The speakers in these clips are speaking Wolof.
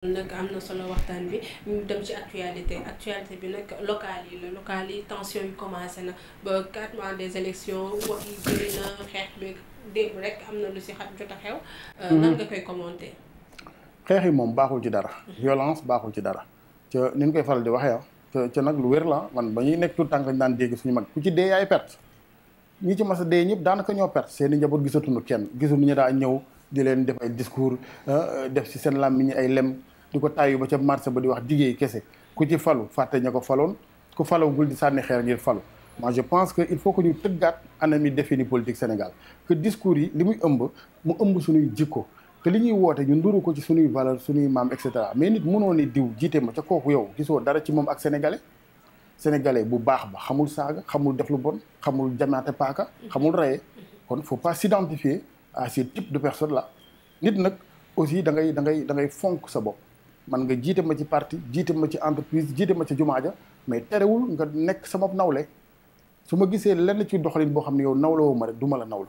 nag am na solo waxtaan bi ñu dem ci actualité actualité bi nag locale yi la locale yi tension yu commencé na ba 4 mois des élections wax yi bëri na xeex bi démb rek am na lu si xam jot a xew. Euh, mhm. nan nga koy commenté. xeex yi moom baaxul ci dara. Mhm. violence baaxul ci dara. ca ni ñu koy faral di waxee ah. ca nag lu wér la man ba ñuy nekk tout tànk lañu daan dégg suñu mag ku ci dee yaay perte. ñi ci mas a dee ñëpp daanaka ñoo perte seen i njaboot gisatuñu kenn gisatuñu daa ñëw di leen def ay discours euh, def si seen làmmiñ ay lem. di ko tàyyu ba ca marché ba di wax jigéen kese ku ci falu fàtte ña ko faloon ku falawgul di sànni xeer ngir falu moi je pense que il faut que ñu tëggaat anam yi défini politique Sénégal que discours yi li muy ëmb mu ëmb suñuy jikko te li ñuy woote ñu nduru ko ci suñuy valeur suñuy maam et cetera mais nit mënoo ne diw jiite ma ca kooku yow gisoo dara ci moom ak sénégalais sénégalais bu baax ba xamul saaga xamul def lu bon xamul jamaate paaka xamul reye kon faut pas s'identifier à ce type de personne nit nag aussi da ngay da ngay da ngay fonk sa bopp man nga jiite ma ci parti jiite ma ci entreprise jiite ma ci jumaa ja mais terewul nga nekk sama nawle su ma gisee lenn ci doxalin boo xam ne yow nawloo ma rek duma ma la nawlu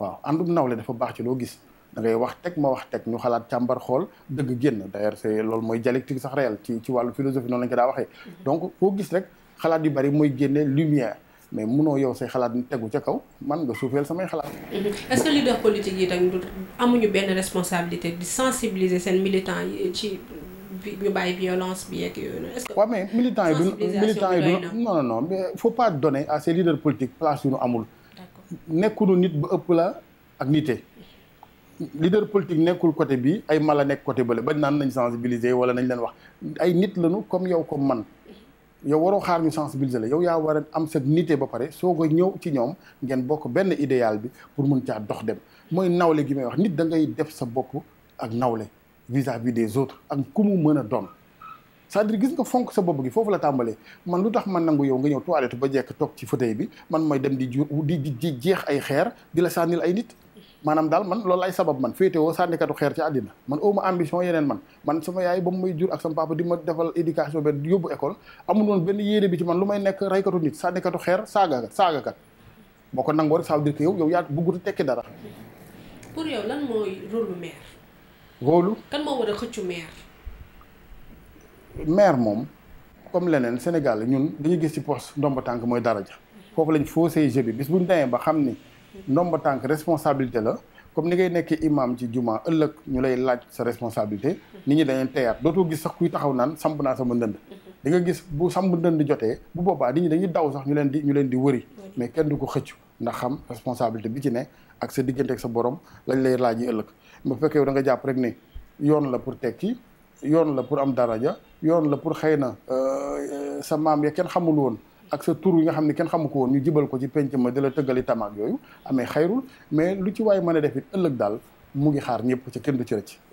waaw àndum nawle dafa baax ci loo gis da ngay wax teg ma wax teg ñu xalaat càmbar xool dëgg génn d'ailleurs c'est loolu mooy dialectique sax réel ci ci wàllu philosophie noonu lañ ko daa waxee mm-hmm. donc foo gis rek xalaat yu bari mooy génne lumière mais munoo yow say xalaat tegu ca kaw man nga suufeel samay xalaat. est-ce que leader politique yi tamit amuñu benn responsabilité di sensibiliser seen militant yi ci ñu bàyyi violence bi yeeg yooyu est-ce que. waaw mais yi du militants yi du non non mais il pas donner à ces leaders politiques place yu nu amul. nekkunu nit ba ëpp la ak nité. leader politique nekkul côté bi ay mala nekk côté bële bañ naan nañ sensibiliser wala nañ leen wax ay nit lañu comme yow comme man yow waroo xaar ñu sensibiliser la yow yaa war am sa nité ba pare soo ko ñëw ci ñoom ngeen bokk benn idéal bi pour mun caa dox dem mooy nawle gi may wax nit da ngay def sa bokk ak nawle vis-à-vis des autres ak ku mu mën a doon cest dire gis nga fonk sa bopp gi foofu la tàmbalee man lu tax man nangu yow nga ñëw toilette ba jekk toog ci fauteuil bi man mooy dem di ju di di jeex ay xeer di la sànnil ay nit maanaam daal man loolu ay sabab man féetewoo sànnikatu xeer ci àddina man amu ma ambition yeneen man man sama yaay ba mu may jur ak sama papa di ma defal éducation benn yóbbu école amul benn yéene bi ci man lu may nekk raykatu nit sànnikatu xeer saagakat saagakat boo ko nangoo rek ça veut dire que yow yow yaa bëggut a tekki dara. pour yow lan mooy rôle maire. rôle kan moo war a xëccu maire. maire moom comme leneen Sénégal ñun dañuy gis ci poste ndomba tànk mooy daraja foofu lañ faussé jeu bi bis bu ñu demee ba xam ni. ndomba tànk responsabilité la comme ni ngay nekkee imam ci jumaa ëllëg ñu lay laaj sa responsabilité ni ñu dañuy teyaat dootoo gis sax kuy taxaw naan samp naa sama ndënd di nga gis bu samp ndënd jotee bu boobaa nit ñi dañuy daw sax ñu leen di ñu leen di wëri mais kenn du ko xëccu ndax xam responsabilité bi ci ne ak sa diggante ak sa borom lañ lay laaj yi ëllëg bu fekkee yow da nga jàpp rek ne yoon la pour tekki yoon la pour am daraja yoon la pour xëy na euh, euh, sa maam ya kenn xamul woon ak sa tur yi nga xam ne kenn xamu ko woon ñu jibal ko ci penc ma di la tëggali tamaak yooyu amee xayrul mais lu ci waaye mën a def it ëllëg daal mu ngi xaar ñëpp ca kenn du ci rëcc